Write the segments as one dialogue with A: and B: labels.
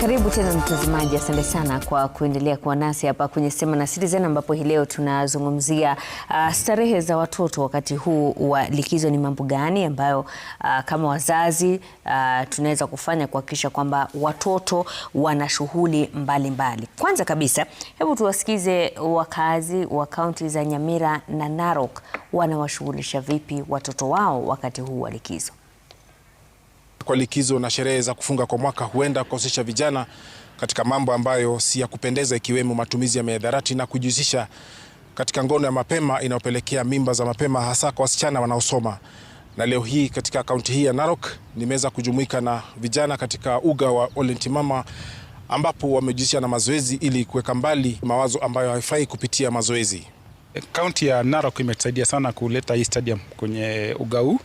A: Karibu tena mtazamaji, asante sana kwa kuendelea kuwa nasi hapa kwenye Sema na Citizen, ambapo hii leo tunazungumzia uh, starehe za watoto wakati huu wa likizo. Ni mambo gani ambayo uh, kama wazazi uh, tunaweza kufanya kuhakikisha kwamba watoto wana shughuli mbalimbali? Kwanza kabisa, hebu tuwasikize wakazi wa kaunti za Nyamira na Narok wanawashughulisha vipi watoto wao wakati huu wa likizo
B: kwa likizo na sherehe za kufunga kwa mwaka huenda kukosesha vijana katika mambo ambayo si ya kupendeza, ikiwemo matumizi ya mihadarati na kujihusisha katika ngono ya mapema inayopelekea mimba za mapema hasa kwa wasichana wanaosoma. Na leo hii katika kaunti hii ya Narok nimeweza kujumuika na vijana katika uga wa Olentimama ambapo wamejihusisha na mazoezi ili kuweka mbali mawazo ambayo haifai kupitia mazoezi.
C: Kaunti ya Narok imetusaidia sana kuleta hii stadium kwenye uga huu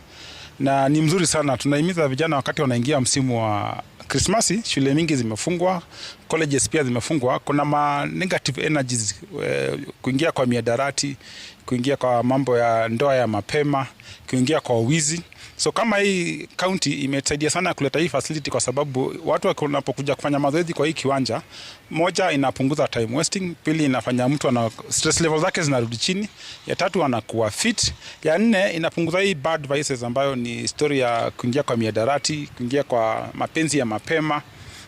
C: na ni mzuri sana. Tunahimiza vijana wakati wanaingia msimu wa Krismasi, shule mingi zimefungwa, colleges pia zimefungwa. Kuna ma negative energies, eh, kuingia kwa miadarati, kuingia kwa mambo ya ndoa ya mapema, kuingia kwa wizi So kama hii kaunti imesaidia sana kuleta hii facility, kwa sababu watu wanapokuja kufanya mazoezi kwa hii kiwanja, moja inapunguza time wasting, pili inafanya mtu ana stress level zake zinarudi chini, ya tatu anakuwa fit, ya nne inapunguza hii bad vices ambayo ni story ya kuingia kwa miadarati, kuingia kwa mapenzi ya mapema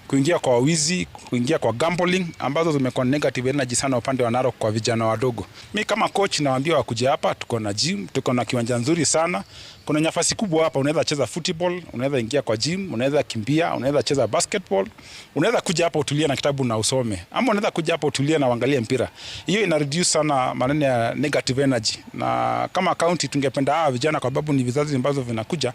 C: kuingia kwa wizi, kuingia kwa gambling ambazo zimekuwa negative energy sana upande wa Narok kwa vijana wadogo. Mi kama coach nawaambia wakuja hapa, tuko na gym, tuko na kiwanja nzuri sana, kuna nafasi kubwa hapa. Unaweza cheza football, unaweza ingia kwa gym, unaweza kimbia, unaweza cheza basketball, unaweza kuja hapa utulie na kitabu na usome, ama unaweza kuja hapa utulie na uangalie mpira. Hiyo ina reduce sana maneno ya negative energy, na kama county tungependa hawa vijana, kwa sababu ni vizazi ambazo vinakuja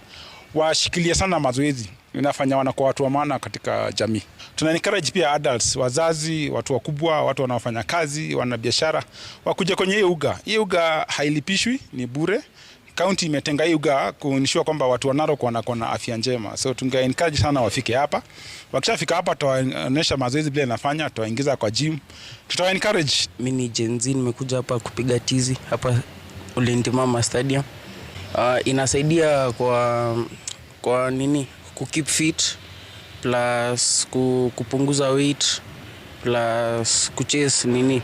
C: washikilie sana mazoezi, inafanya wanakuwa watu wa maana katika jamii. Tuna encourage pia adults, wazazi, watu wakubwa, watu wanaofanya kazi, wana biashara wakuja kwenye hii uga. Hii uga hailipishwi, ni bure. Kaunti imetenga hii uga kuonishwa kwamba watu wa Narok wanakuwa na afya njema, so tunge encourage sana wafike hapa. Wakishafika hapa, tutawaonyesha mazoezi vile inafanya, tutawaingiza kwa gym, tutawa encourage.
D: Mimi ni Gen Z, nimekuja hapa kupiga tizi hapa Ulindi Mama Stadium. Uh, inasaidia kwa kwa nini ku keep fit plus kupunguza weight plus kuchase nini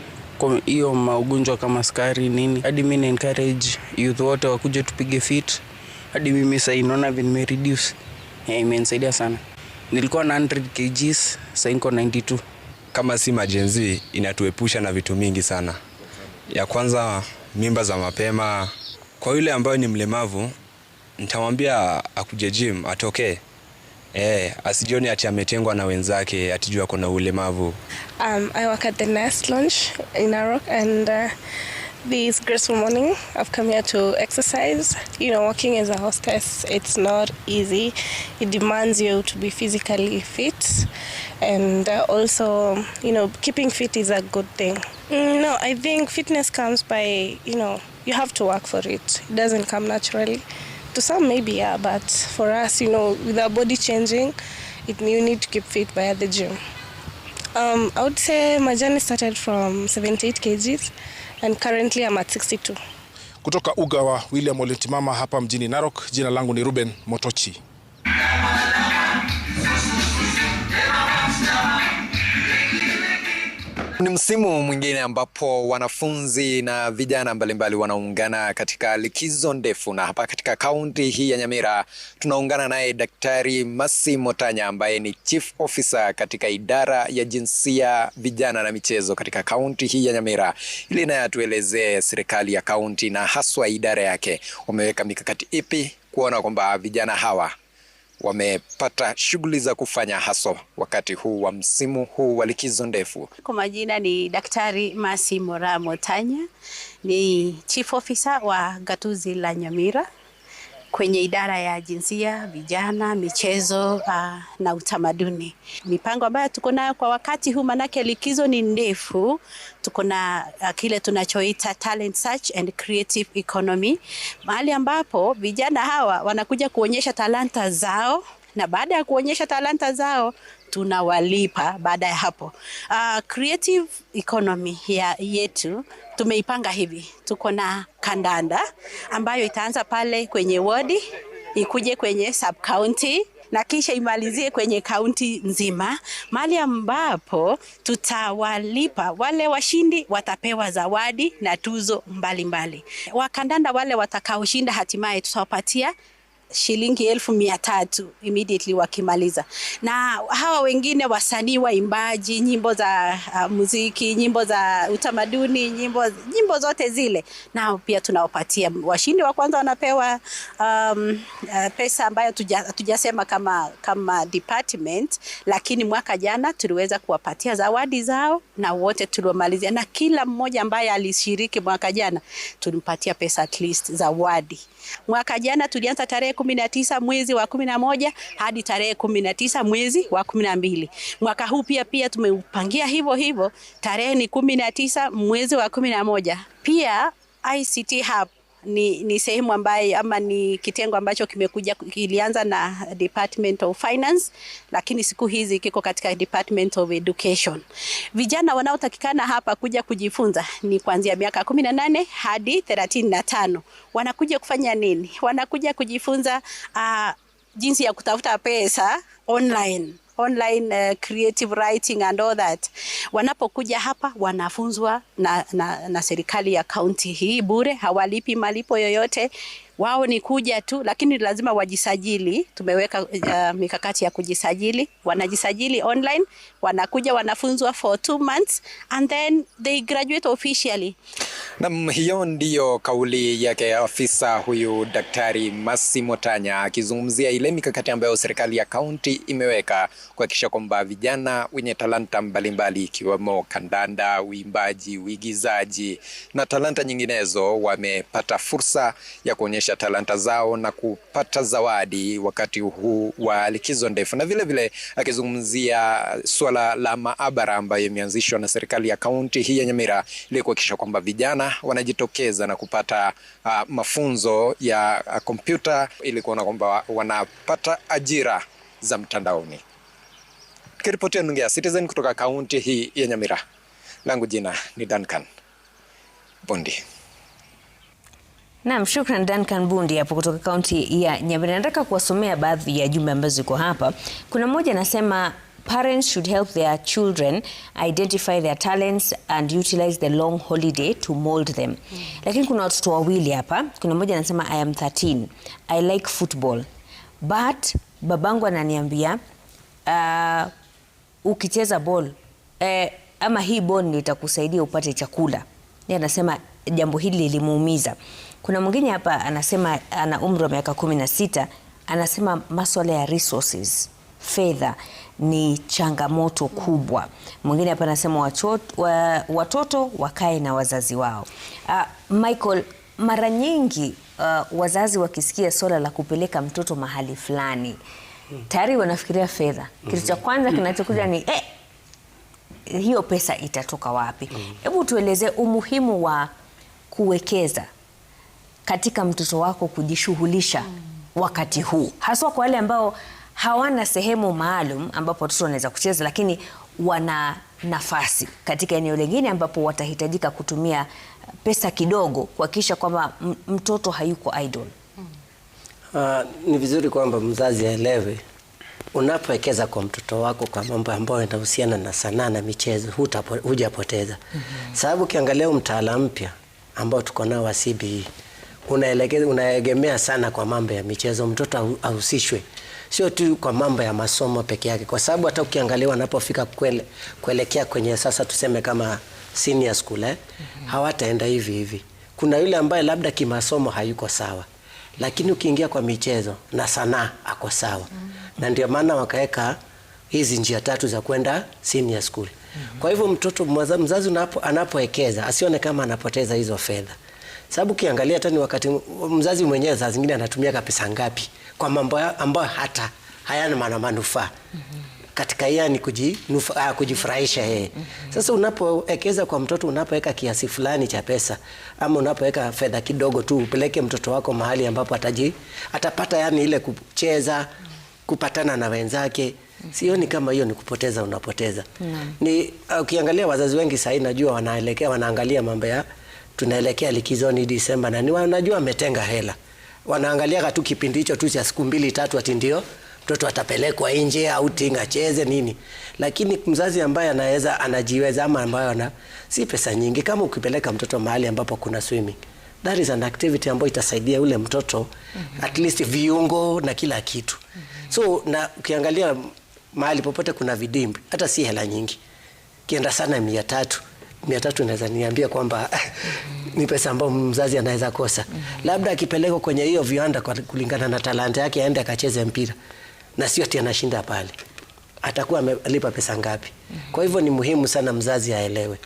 D: hiyo maugonjwa kama skari nini. Hadi mimi encourage youth wote wakuje tupige fit. Hadi mimi sasa inaona vile nime reduce, eh, imenisaidia sana. Nilikuwa na 100 kgs sasa niko 92.
E: Kama si majenzi inatuepusha na vitu mingi sana. Ya kwanza mimba za mapema kwa yule ambayo ni mlemavu nitamwambia akuje gym atoke Eh, asijioni ati ametengwa na wenzake atijua juu ulemavu.
F: Um, I work at the Nest launch in Narok and uh, this graceful morning I've come here to exercise. You know, working as a hostess, it's not easy. It demands you to be physically fit and uh, also, you know, keeping fit is a good thing. Mm, no, I think fitness comes by, you know, you have to work for it. It doesn't come naturally. To some maybe, yeah, but for us, you know, with our body changing, it, you need to keep fit by the gym. Um, I would say my journey started from 78 kgs and currently I'm at 62.
B: Kutoka uga wa William olentimama hapa mjini Narok, jina langu ni Ruben Motochi.
G: Ni msimu mwingine ambapo wanafunzi na vijana mbalimbali wanaungana katika likizo ndefu, na hapa katika kaunti hii ya Nyamira tunaungana naye Daktari Masi Motanya ambaye ni chief officer katika idara ya jinsia, vijana na michezo katika kaunti hii ya Nyamira, ili naye atuelezee serikali ya kaunti na haswa idara yake wameweka mikakati ipi kuona kwamba vijana hawa wamepata shughuli za kufanya haswa wakati huu wa msimu huu wa likizo ndefu.
H: Kwa majina ni Daktari Masi Mora Motanya, ni chief officer wa gatuzi la Nyamira kwenye idara ya jinsia, vijana, michezo uh, na utamaduni. Mipango ambayo tuko nayo kwa wakati huu, manake likizo ni ndefu, tuko na uh, kile tunachoita talent search and creative economy, mahali ambapo vijana hawa wanakuja kuonyesha talanta zao na baada ya kuonyesha talanta zao tunawalipa baada ya hapo. Uh, creative economy ya yetu tumeipanga hivi. Tuko na kandanda ambayo itaanza pale kwenye wodi ikuje kwenye sub county na kisha imalizie kwenye kaunti nzima, mahali ambapo tutawalipa wale washindi, watapewa zawadi na tuzo mbalimbali. Wakandanda wale watakaoshinda hatimaye tutawapatia shilingi elfu mia tatu immediately wakimaliza, na hawa wengine wasanii waimbaji, nyimbo za uh, muziki, nyimbo za utamaduni, nyimbo, nyimbo zote zile, nao pia tunawapatia. Washindi wa kwanza wanapewa um, uh, pesa ambayo hatujasema kama, kama department, lakini mwaka jana tuliweza kuwapatia zawadi zao na wote tuliomalizia, na kila mmoja ambaye alishiriki mwaka jana tulimpatia pesa at least zawadi. Mwaka jana tulianza tarehe kumi na tisa mwezi wa kumi na moja hadi tarehe kumi na tisa mwezi wa kumi na mbili. Mwaka huu pia pia tumeupangia hivyo hivyo, tarehe ni kumi na tisa mwezi wa kumi na moja. Pia ICT Hub ni, ni sehemu ambayo ama ni kitengo ambacho kimekuja kilianza na Department of Finance, lakini siku hizi kiko katika Department of Education. Vijana wanaotakikana hapa kuja kujifunza ni kuanzia miaka kumi na nane hadi thelathini na tano. Wanakuja kufanya nini? Wanakuja kujifunza uh, jinsi ya kutafuta pesa online online uh, creative writing and all that. Wanapokuja hapa wanafunzwa na, na, na serikali ya kaunti hii bure, hawalipi malipo yoyote wao ni kuja tu, lakini lazima wajisajili. Tumeweka uh, mikakati ya kujisajili, wanajisajili online, wanakuja wanafunzwa for two months and then they graduate officially.
G: Nam, hiyo ndiyo kauli yake afisa huyu Daktari Masi Motanya akizungumzia ile mikakati ambayo serikali ya kaunti imeweka kuhakikisha kwamba vijana wenye talanta mbalimbali ikiwemo mbali, kandanda, uimbaji, uigizaji na talanta nyinginezo wamepata fursa ya kuonyesha kuonyesha talanta zao na kupata zawadi wakati huu wa likizo ndefu. Na vile vile akizungumzia suala la maabara ambayo imeanzishwa na serikali ya kaunti hii ya Nyamira ili kuhakikisha kwamba vijana wanajitokeza na kupata uh, mafunzo ya kompyuta uh, ili kuona kwamba wanapata ajira za mtandaoni. Nikiripotia nunge Citizen kutoka kaunti hii ya Nyamira, langu jina ni Duncan Bondi.
A: Naam, shukran Duncan Bundi hapo kutoka kaunti ya Nyamira. Nataka kuwasomea baadhi ya jumbe ambazo ziko hapa. Kuna mmoja anasema Parents should help their children identify their talents and utilize the long holiday to mold them. Mm. Lakini kuna watoto wawili hapa. Kuna mmoja anasema I am 13. I like football. But babangu ananiambia uh, ukicheza ball eh, ama hii ball nitakusaidia upate chakula. Yeye anasema jambo hili lilimuumiza. Kuna mwingine hapa anasema ana umri wa miaka kumi na sita, anasema maswala ya resources fedha ni changamoto kubwa. Mwingine hapa anasema watoto, wa, watoto wakae na wazazi wao. Uh, Michael, mara nyingi uh, wazazi wakisikia swala la kupeleka mtoto mahali fulani tayari wanafikiria fedha. Kitu cha kwanza kinachokuja ni eh, hiyo pesa itatoka wapi? Hebu tuelezee umuhimu wa kuwekeza katika mtoto wako kujishughulisha wakati huu, haswa kwa wale ambao hawana sehemu maalum ambapo watoto wanaweza kucheza, lakini wana nafasi katika eneo lingine ambapo watahitajika kutumia pesa kidogo kuhakikisha kwamba mtoto hayuko idle.
I: Uh, ni vizuri kwamba mzazi aelewe unapowekeza kwa mtoto wako kwa mambo ambayo yanahusiana na sanaa na michezo hujapoteza. mm -hmm. Sababu ukiangalia mtaala mpya ambao tuko nao wa CBE unaegemea sana kwa mambo ya michezo, mtoto ahusishwe sio tu kwa mambo ya masomo peke yake, kwa sababu hata ukiangalia wanapofika kwele, kuelekea kwenye sasa tuseme kama senior school eh, mm -hmm. hawataenda hivi hivi. Kuna yule ambaye labda kimasomo hayuko sawa, lakini ukiingia kwa michezo na sanaa ako sawa mm -hmm. na ndio maana wakaweka hizi njia tatu za kwenda senior school. Mm -hmm. Kwa hivyo mtoto mzazi anapoekeza asione kama anapoteza hizo fedha. Sababu ukiangalia hata ni wakati mzazi mwenyewe saa zingine anatumia kapesa ngapi kwa mambo ambayo hata hayana maana manufaa mm -hmm. katika yeye ni ah, kujifurahisha yeye mm -hmm. Sasa unapowekeza kwa mtoto, unapoweka kiasi fulani cha pesa ama unapoweka fedha kidogo tu, upeleke mtoto wako mahali ambapo ataji atapata yani ile kucheza, kupatana na wenzake Sioni kama hiyo ni kupoteza, unapoteza. Ni ah, ukiangalia wazazi wengi sasa, najua wanaelekea wanaangalia mambo ya tunaelekea likizoni Disemba, na ni wanajua wametenga hela, wanaangalia tu kipindi hicho tu cha siku mbili tatu, ati ndio mtoto atapelekwa nje au tinga cheze nini. Lakini mzazi ambaye anaweza anajiweza, ama ambayo ana si pesa nyingi, kama ukipeleka mtoto mahali ambapo kuna swimming that is an activity ambayo itasaidia ule mtoto mm -hmm. at least viungo na kila kitu mm -hmm. So na ukiangalia mahali popote kuna vidimbi, hata si hela nyingi, kienda sana mia tatu mia tatu naweza niambia kwamba ni pesa ambayo mzazi anaweza kosa. Labda akipelekwa kwenye hiyo viwanda kulingana na talanta yake, aende akacheze mpira na sio ati anashinda pale, atakuwa amelipa pesa ngapi? Kwa hivyo ni muhimu sana mzazi aelewe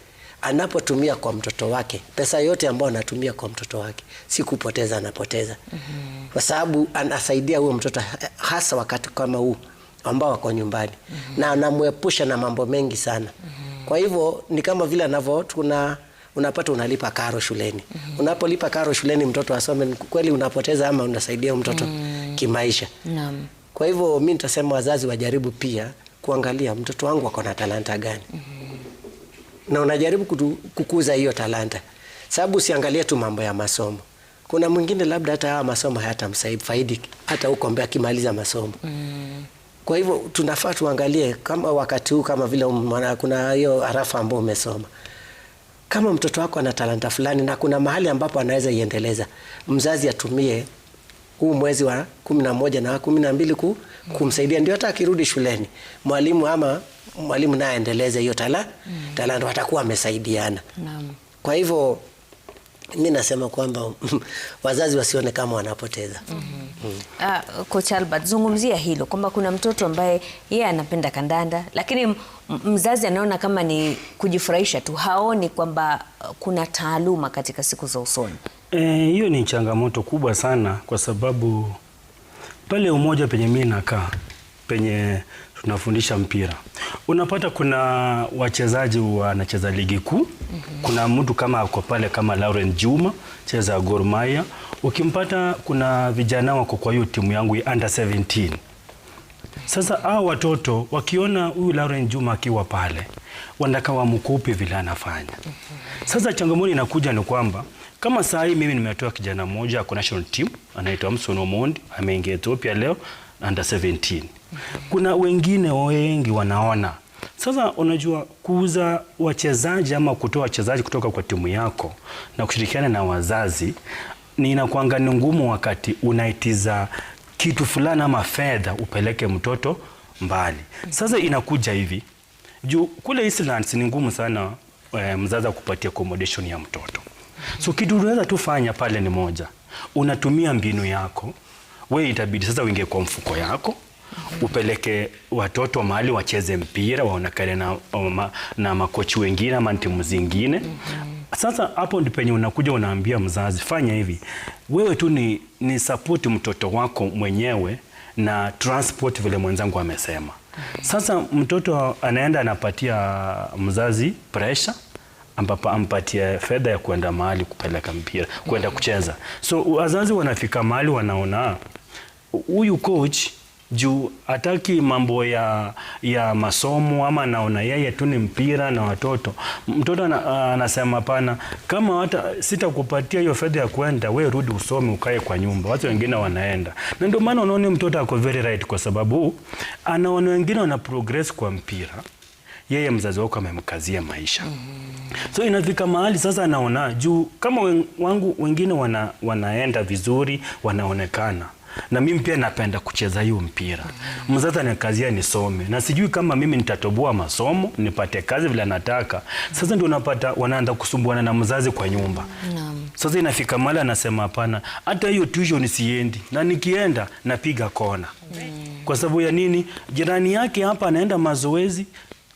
I: anapotumia kwa mtoto wake pesa yote ambayo anatumia kwa mtoto wake, si kupoteza, anapoteza mm -hmm. kwa sababu anasaidia huyo mtoto hasa wakati kama huu ambao wako nyumbani mm -hmm. na anamwepusha na mambo mengi sana mm -hmm. Kwa hivyo ni kama vile anavyo tuna unapata unalipa karo shuleni. mm -hmm. Unapolipa karo shuleni mtoto asome, kweli unapoteza ama unasaidia mtoto mm -hmm. kimaisha. Naam. Kwa hivyo mi nitasema wazazi wajaribu pia kuangalia mtoto wangu ako na talanta gani? mm -hmm. na unajaribu kutu, kukuza hiyo talanta, sababu usiangalie tu mambo ya masomo. Kuna mwingine labda hata haya masomo faidi hata huko mbele akimaliza masomo. mm -hmm. Kwa hivyo tunafaa tuangalie kama wakati huu kama vile umana, kuna hiyo harafa ambayo umesoma kama mtoto wako ana talanta fulani na kuna mahali ambapo anaweza iendeleza, mzazi atumie huu mwezi wa kumi na moja na kumi na mbili ku, kumsaidia ndio hata akirudi shuleni mwalimu ama mwalimu naye aendeleze hiyo tala, mm. talanta watakuwa wamesaidiana. Kwa hivyo Mi nasema kwamba wazazi wasione kama wanapoteza. Mm-hmm.
A: mm -hmm. mm. Uh, Coach Albert, zungumzia hilo kwamba kuna mtoto ambaye yeye anapenda kandanda lakini mzazi anaona kama ni kujifurahisha tu, haoni kwamba uh, kuna taaluma katika siku za usoni.
J: Eh, hiyo e, ni changamoto kubwa sana, kwa sababu pale Umoja penye mi nakaa penye tunafundisha mpira. Unapata kuna wachezaji wanacheza ligi kuu mm -hmm. Kuna mtu kama ako pale kama Lauren Juma cheza Gor Mahia, ukimpata kuna vijana wako kwa hiyo timu yangu under 17. Sasa hao watoto wakiona huyu Lauren Juma akiwa pale wanataka wamkupe vile anafanya. Sasa changamoto inakuja ni kwamba kama saa hii mimi nimetoa kijana mmoja kwa national team anaitwa Amson Omondi ameingia Ethiopia leo under 17 kuna wengine wengi wanaona sasa unajua kuuza wachezaji ama kutoa wachezaji kutoka kwa timu yako na kushirikiana na wazazi, ni inakuanga ni ngumu wakati unaitiza kitu fulani ama fedha upeleke mtoto mbali. Sasa inakuja hivi juu kule Iceland ni ngumu sana e, mzazi kupatia accommodation ya mtoto. So kitu unaweza fanya pale ni moja, unatumia mbinu yako we, itabidi sasa uingie kwa mfuko yako upeleke watoto mahali wacheze mpira, waonekane na, na makochi wengine ama timu zingine. Sasa hapo ndipo penye unakuja unaambia mzazi, fanya hivi wewe tu ni, ni support mtoto wako mwenyewe na transport vile mwenzangu amesema. Sasa mtoto anaenda anapatia mzazi pressure ambapo ampatie fedha ya kwenda mahali kupeleka mpira kwenda kucheza. So wazazi wanafika mahali wanaona huyu coach juu hataki mambo ya, ya masomo ama anaona yeye tu ni mpira na watoto. Mtoto anasema pana, kama hata sitakupatia hiyo fedha ya kwenda, we rudi usome ukae kwa nyumba, watu wengine wanaenda. Na ndio maana unaona mtoto ako very right, kwa sababu anaona wengine wana progress kwa mpira yeye mzazi wako amemkazia maisha. So inafika mahali sasa anaona juu kama wangu wengine wana, wanaenda vizuri wanaonekana na mimi pia napenda kucheza hiyo mpira mm. Mzazi anikazia nisome, na sijui kama mimi nitatoboa masomo nipate kazi vile nataka. Sasa ndio unapata wanaanza kusumbuana na mzazi kwa nyumba mm. Sasa inafika mahali anasema hapana, hata hiyo tuition siendi, na nikienda napiga kona mm. Kwa sababu ya nini? Jirani yake hapa anaenda mazoezi,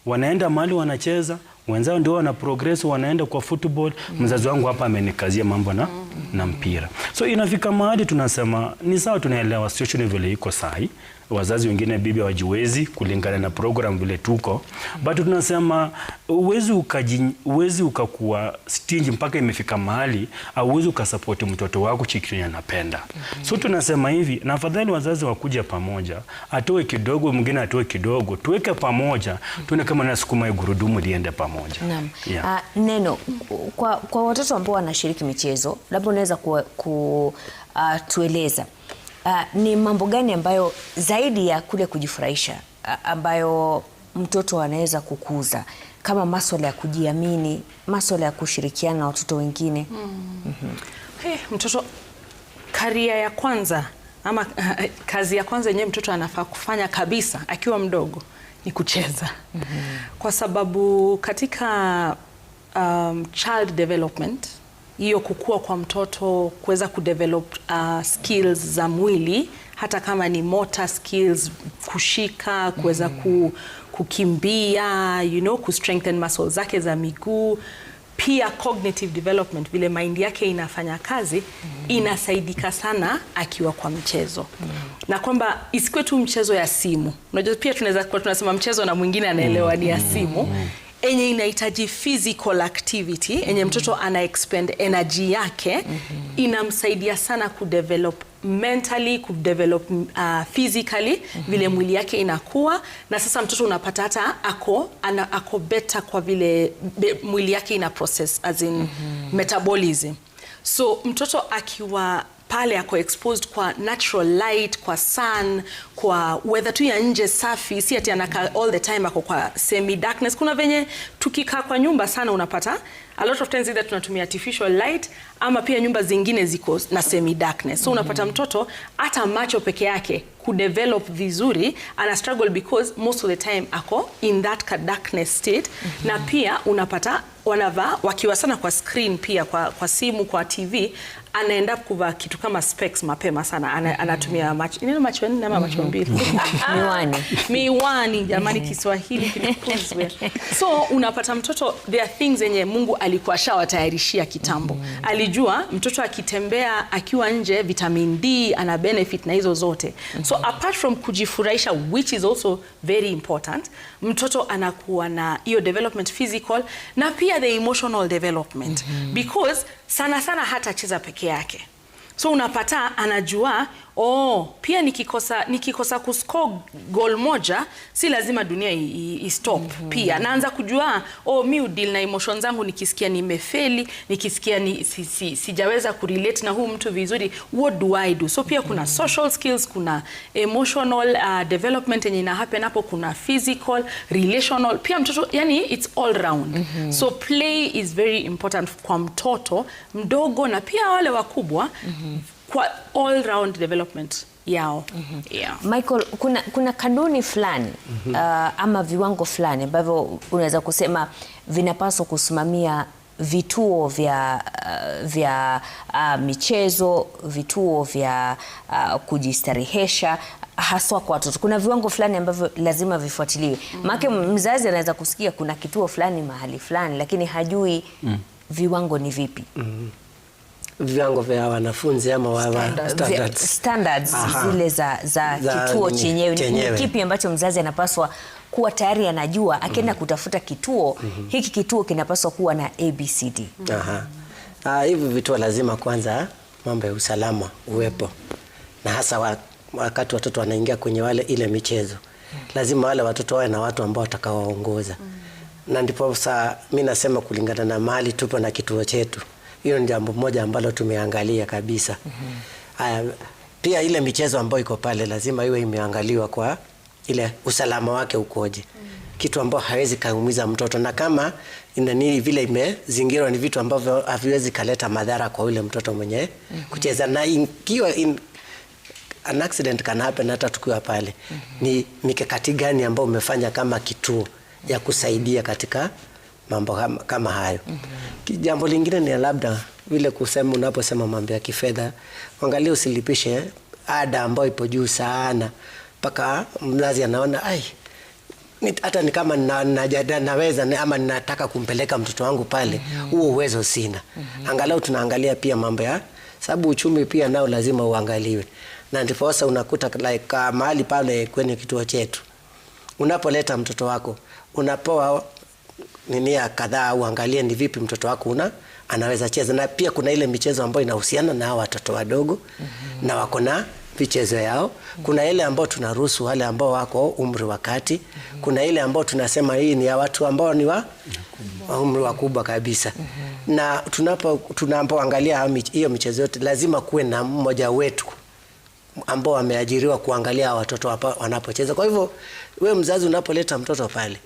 J: wanaenda mahali wanacheza wenzao ndio wana progress, wanaenda kwa football. Mzazi wangu hapa amenikazia mambo na mm na mpira. So inafika mahali tunasema ni sawa, tunaelewa situation vile iko sahi, wazazi wengine bibi hawajiwezi kulingana na program vile tuko, but tunasema uwezi ukaji uwezi ukakuwa stingi mpaka imefika mahali au uwezi ukasapoti mtoto wako chikirini anapenda. mm -hmm. So tunasema hivi, na afadhali wazazi wakuja pamoja, atoe kidogo, mwingine atoe kidogo, tuweke pamoja, tuone kama nasukuma gurudumu liende pamoja. Naam.
A: Yeah. Uh, neno kwa, kwa watoto ambao wanashiriki michezo labda unaweza kutueleza uh, uh, ni mambo gani ambayo zaidi ya kule kujifurahisha uh, ambayo mtoto anaweza kukuza kama maswala ya kujiamini, maswala ya kushirikiana na watoto wengine mm. Mm -hmm.
K: Mhm. Hey, mtoto karia ya kwanza ama kazi ya kwanza yenyewe mtoto anafaa kufanya kabisa akiwa mdogo ni kucheza mm -hmm. Kwa sababu katika um, child development hiyo kukua kwa mtoto kuweza kudevelop uh, skills za mwili hata kama ni motor skills, kushika, kuweza mm-hmm. ku, kukimbia you know, kustrengthen muscles zake za miguu pia cognitive development, vile mind yake inafanya kazi mm-hmm. inasaidika sana akiwa kwa mchezo mm. na kwamba isikuwe tu mchezo ya simu. Unajua pia tunaweza kuwa tunasema mchezo na mwingine anaelewa ni ya simu mm enye inahitaji physical activity yenye mm -hmm. mtoto ana expend energy yake mm -hmm. inamsaidia sana kudevelop mentally kudevelop uh, physically mm -hmm. vile mwili yake inakuwa na sasa mtoto unapata hata ako ana, ako beta kwa vile be, mwili yake ina process as in mm -hmm. metabolism so mtoto akiwa pale ako exposed kwa natural light, kwa sun, kwa weather tu ya nje safi, si ati anaka all the time ako kwa semi darkness. Kuna venye tukikaa kwa nyumba sana unapata a lot of times either tunatumia artificial light ama pia nyumba zingine ziko na semi darkness, so unapata mm-hmm. mtoto hata macho peke yake kudevelop vizuri ana struggle because most of the time ako in that darkness state, mm -hmm. na pia unapata wanavaa wakiwa sana kwa screen pia kwa, kwa simu kwa TV anaenda kuvaa kitu kama specs mapema sana ana, anatumia macho nini macho nne ama macho mbili mhm. ah, ah. miwani miwani jamani Kiswahili kinikuzwe so unapata mtoto there are things yenye Mungu alikuwa shawatayarishia kitambo mhm. alijua mtoto akitembea akiwa nje vitamin D ana benefit na hizo zote so mhm. apart from kujifurahisha which is also very important mtoto anakuwa na hiyo development physical na pia the emotional development mm -hmm. because sana sana cheza peke yake, so unapata anajua Oh, pia nikikosa nikikosa kuscore goal moja si lazima dunia i-stop. mm -hmm. Pia naanza kujua oh, mi udeal na emotions zangu nikisikia nimefeli, nikisikia ni, si, si, sijaweza kurelate na huu mtu vizuri, what do I do? So pia kuna mm -hmm. social skills, kuna emotional uh, development yenye ina happen hapo, kuna physical, relational pia mtoto, yani it's all round. mm -hmm. So play is very important kwa mtoto mdogo na pia wale wakubwa. mm -hmm kwa all round development yao. mm -hmm.
A: Yeah. Michael, kuna, kuna kanuni fulani mm -hmm. uh, ama viwango fulani ambavyo unaweza kusema vinapaswa kusimamia vituo vya, uh, vya uh, michezo, vituo vya uh, kujistarehesha haswa kwa watoto. Kuna viwango fulani ambavyo lazima vifuatiliwe, maana mm -hmm. mzazi anaweza kusikia kuna kituo fulani mahali fulani, lakini hajui mm -hmm. viwango ni vipi? mm -hmm
I: viwango vya wanafunzi ama wa standards,
A: standards zile za, za, za kituo chenyewe. Ni kipi ambacho mzazi anapaswa kuwa tayari anajua akienda mm -hmm. kutafuta kituo mm -hmm. hiki kituo kinapaswa kuwa na ABCD. mm -hmm. Aha.
I: Ah, hivi vituo lazima kwanza mambo ya usalama uwepo mm -hmm. na hasa wakati watoto wanaingia kwenye wale ile michezo mm -hmm. lazima wale watoto wawe na watu ambao watakawaongoza mm -hmm. na ndipo saa mimi nasema kulingana na mali tupo na kituo chetu hiyo ni jambo moja ambalo tumeangalia kabisa. mm -hmm. Um, pia ile michezo ambayo iko pale lazima iwe imeangaliwa kwa ile usalama wake ukoje. mm -hmm. Kitu ambayo hawezi kaumiza mtoto na kama inani vile imezingirwa ni vitu ambavyo haviwezi kaleta madhara kwa yule mtoto mwenye mm -hmm. kucheza na ikiwa an accident can happen hata tukiwa pale. mm -hmm. Ni mikakati gani ambayo umefanya kama kituo ya kusaidia katika mambo kama, hayo mm -hmm. Jambo lingine ni labda vile kusema, unaposema mambo ya kifedha, angalia usilipishe eh, ada ambayo ipo juu sana, mpaka mzazi anaona ai hata ni kama na, na, naweza ama ninataka kumpeleka mtoto wangu pale, mhm. huo mm -hmm. uwezo sina mm -hmm. Angalau tunaangalia pia mambo ya sababu, uchumi pia nao lazima uangaliwe, na ndiposa unakuta like, uh, mahali pale kwenye kituo chetu unapoleta mtoto wako unapoa ninia kadhaa, uangalie ni vipi mtoto wako una anaweza cheza, na pia kuna ile michezo ambayo inahusiana na watoto wadogo mm -hmm. na wako na michezo yao. Kuna ile ambao tunaruhusu wale ambao wako umri wa kati, kuna ile ambayo tunasema hii ni ya watu ambao ni wa umri wakubwa kabisa. Na tunapo tunapoangalia hiyo michezo yote, lazima kuwe na mmoja wetu ambao wameajiriwa kuangalia watoto wanapocheza. Kwa hivyo, we mzazi unapoleta mtoto pale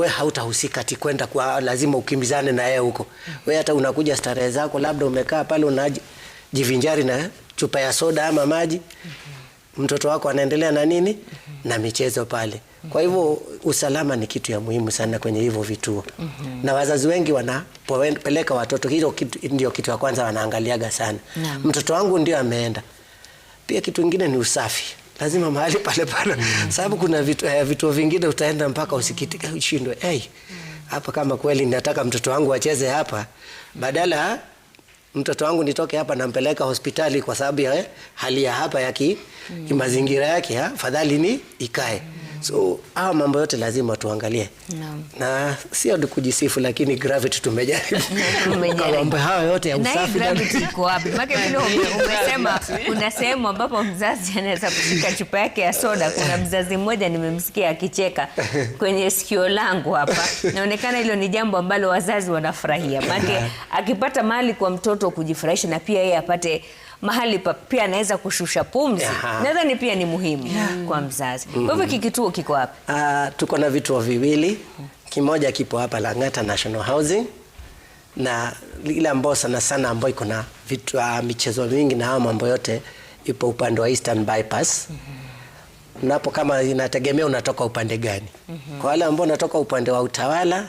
I: we hautahusika ati kwenda kwa lazima ukimbizane na yeye huko. We hata unakuja starehe zako, labda umekaa pale unajivinjari na chupa ya soda ama maji, mtoto wako anaendelea na nini na michezo pale. Kwa hivyo usalama ni kitu ya muhimu sana kwenye hivyo vituo mm -hmm. Na wazazi wengi wanapeleka watoto, kitu, ndio kitu ya kwanza wanaangaliaga sana. Naam. Mtoto wangu ndio ameenda. Pia kitu kingine ni usafi. mm lazima mahali pale pale mm. Sababu kuna vitu, eh, vituo vingine utaenda mpaka usikitike ushindwe, hey, eh, hapa kama kweli nataka mtoto wangu acheze hapa, badala mtoto wangu nitoke hapa nampeleka hospitali kwa sababu ya eh, hali ya hapa ya ki, mm. mazingira yake eh, fadhali ni ikae mm. So haya mambo yote lazima tuangalie na, na sio kujisifu, lakini gravity tumejaribu
A: mambo hayo yote ya usafi. Gravity iko wapi? Maana vile umesema, kuna sehemu ambapo mzazi anaweza kushika chupa yake ya soda. Kuna mzazi mmoja nimemsikia akicheka kwenye sikio langu hapa, naonekana hilo ni jambo ambalo wazazi wanafurahia, maana akipata mali kwa mtoto kujifurahisha na pia yeye apate mahali pa pia anaweza kushusha pumzi, nadhani pia ni muhimu yeah. kwa mzazi. Mm-hmm. Kwa hivyo mm -hmm. kikituo kiko
I: hapa uh, tuko na vituo viwili, kimoja kipo hapa Lang'ata National Housing na ile ambayo sana sana ambayo iko na vitu uh, michezo mingi na hao mambo yote ipo upande wa Eastern Bypass mm -hmm. napo kama inategemea unatoka upande gani mm -hmm. kwa wale ambao unatoka upande wa utawala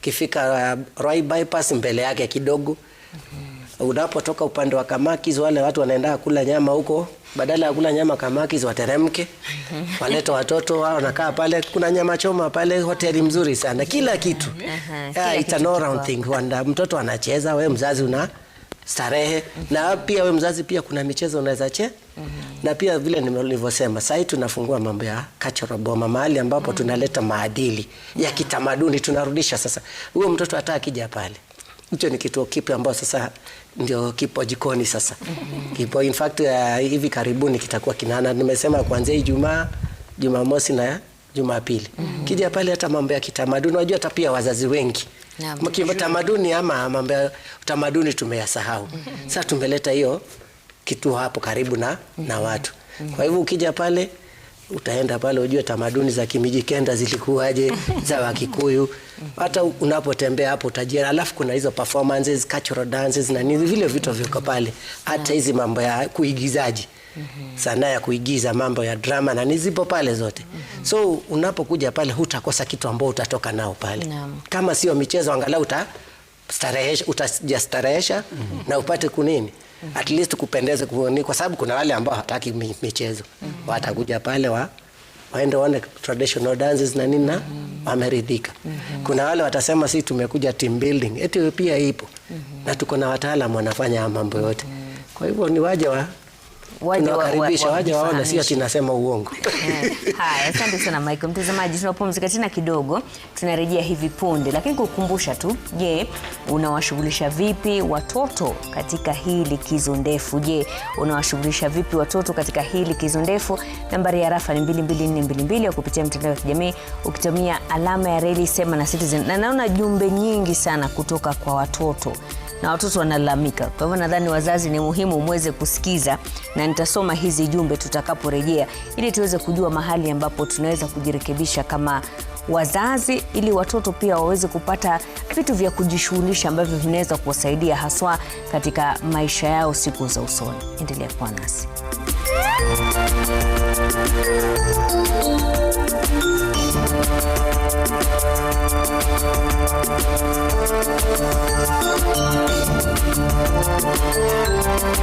I: kifika uh, Roy bypass mbele yake kidogo mm -hmm unapotoka upande wa Kamakis, wale watu wanaenda kula nyama huko, badala ya kula nyama Kamakis wateremke, waleta watoto wao, wanakaa pale. Kuna nyama choma pale, hoteli mzuri sana, kila kitu yeah, it's an all round thing. Wanda, mtoto anacheza, we mzazi una starehe Na pia we mzazi, pia kuna michezo unaweza che mm -hmm. Na pia vile nilivyosema, sasa hivi tunafungua mambo ya cultural boma, mahali ambapo mm -hmm. tunaleta maadili ya mhm. kitamaduni tunarudisha. Sasa huyo mtoto hata akija pale hicho ni kituo kipya ambao sasa ndio kipo jikoni sasa. Mm-hmm. Kipo in fact uh, hivi karibuni kitakuwa kinana, nimesema kuanzia Ijumaa, Jumamosi na Jumapili. Mm-hmm. Kija pale hata mambo ya kitamaduni, unajua hata pia wazazi wengi tamaduni ama mambo ya utamaduni tumeyasahau. Mm-hmm. Sasa tumeleta hiyo kituo hapo karibu na, na watu. Kwa hivyo ukija pale utaenda pale ujue tamaduni za Kimijikenda zilikuwaje za Wakikuyu. Hata unapotembea hapo utajiona, alafu kuna hizo performances, cultural dances na nini, vile vitu viko pale, hata ah. hizi mambo ya kuigizaji mhm. sanaa ya kuigiza mambo ya drama na nizipo pale zote. mm -hmm. So unapokuja pale hutakosa kitu ambao utatoka nao pale. Naam. Kama sio michezo angalau utastarehesha utajastarehesha. mm -hmm. na upate kunini -hmm. at least kupendeza kuoni, kwa sababu kuna wale ambao hataki michezo mm -hmm. watakuja pale wa waende waone traditional dances na nini na mm-hmm. wameridhika. mm -hmm. Kuna wale watasema si tumekuja team building, eti pia ipo mm -hmm. na tuko na wataalamu wanafanya mambo yote mm -hmm. kwa hivyo ni waje wa tunawakaribisha waje waone, sio tunasema uongo.
A: Eh, haya, asante sana Michael. Mtazamaji, tunapumzika tena kidogo, tunarejea hivi punde, lakini kukumbusha tu, je, unawashughulisha vipi watoto katika hii likizo ndefu? Je, unawashughulisha vipi watoto katika hii likizo ndefu? Nambari ya rafa ni 22422 au kupitia mtandao wa kijamii ukitumia alama ya reli sema na Citizen, na naona jumbe nyingi sana kutoka kwa watoto na watoto wanalalamika. Kwa hivyo nadhani wazazi ni muhimu mweze kusikiza na nitasoma hizi jumbe tutakaporejea, ili tuweze kujua mahali ambapo tunaweza kujirekebisha kama wazazi, ili watoto pia waweze kupata vitu vya kujishughulisha ambavyo vinaweza kuwasaidia haswa katika maisha yao siku za usoni. Endelea kuwa nasi.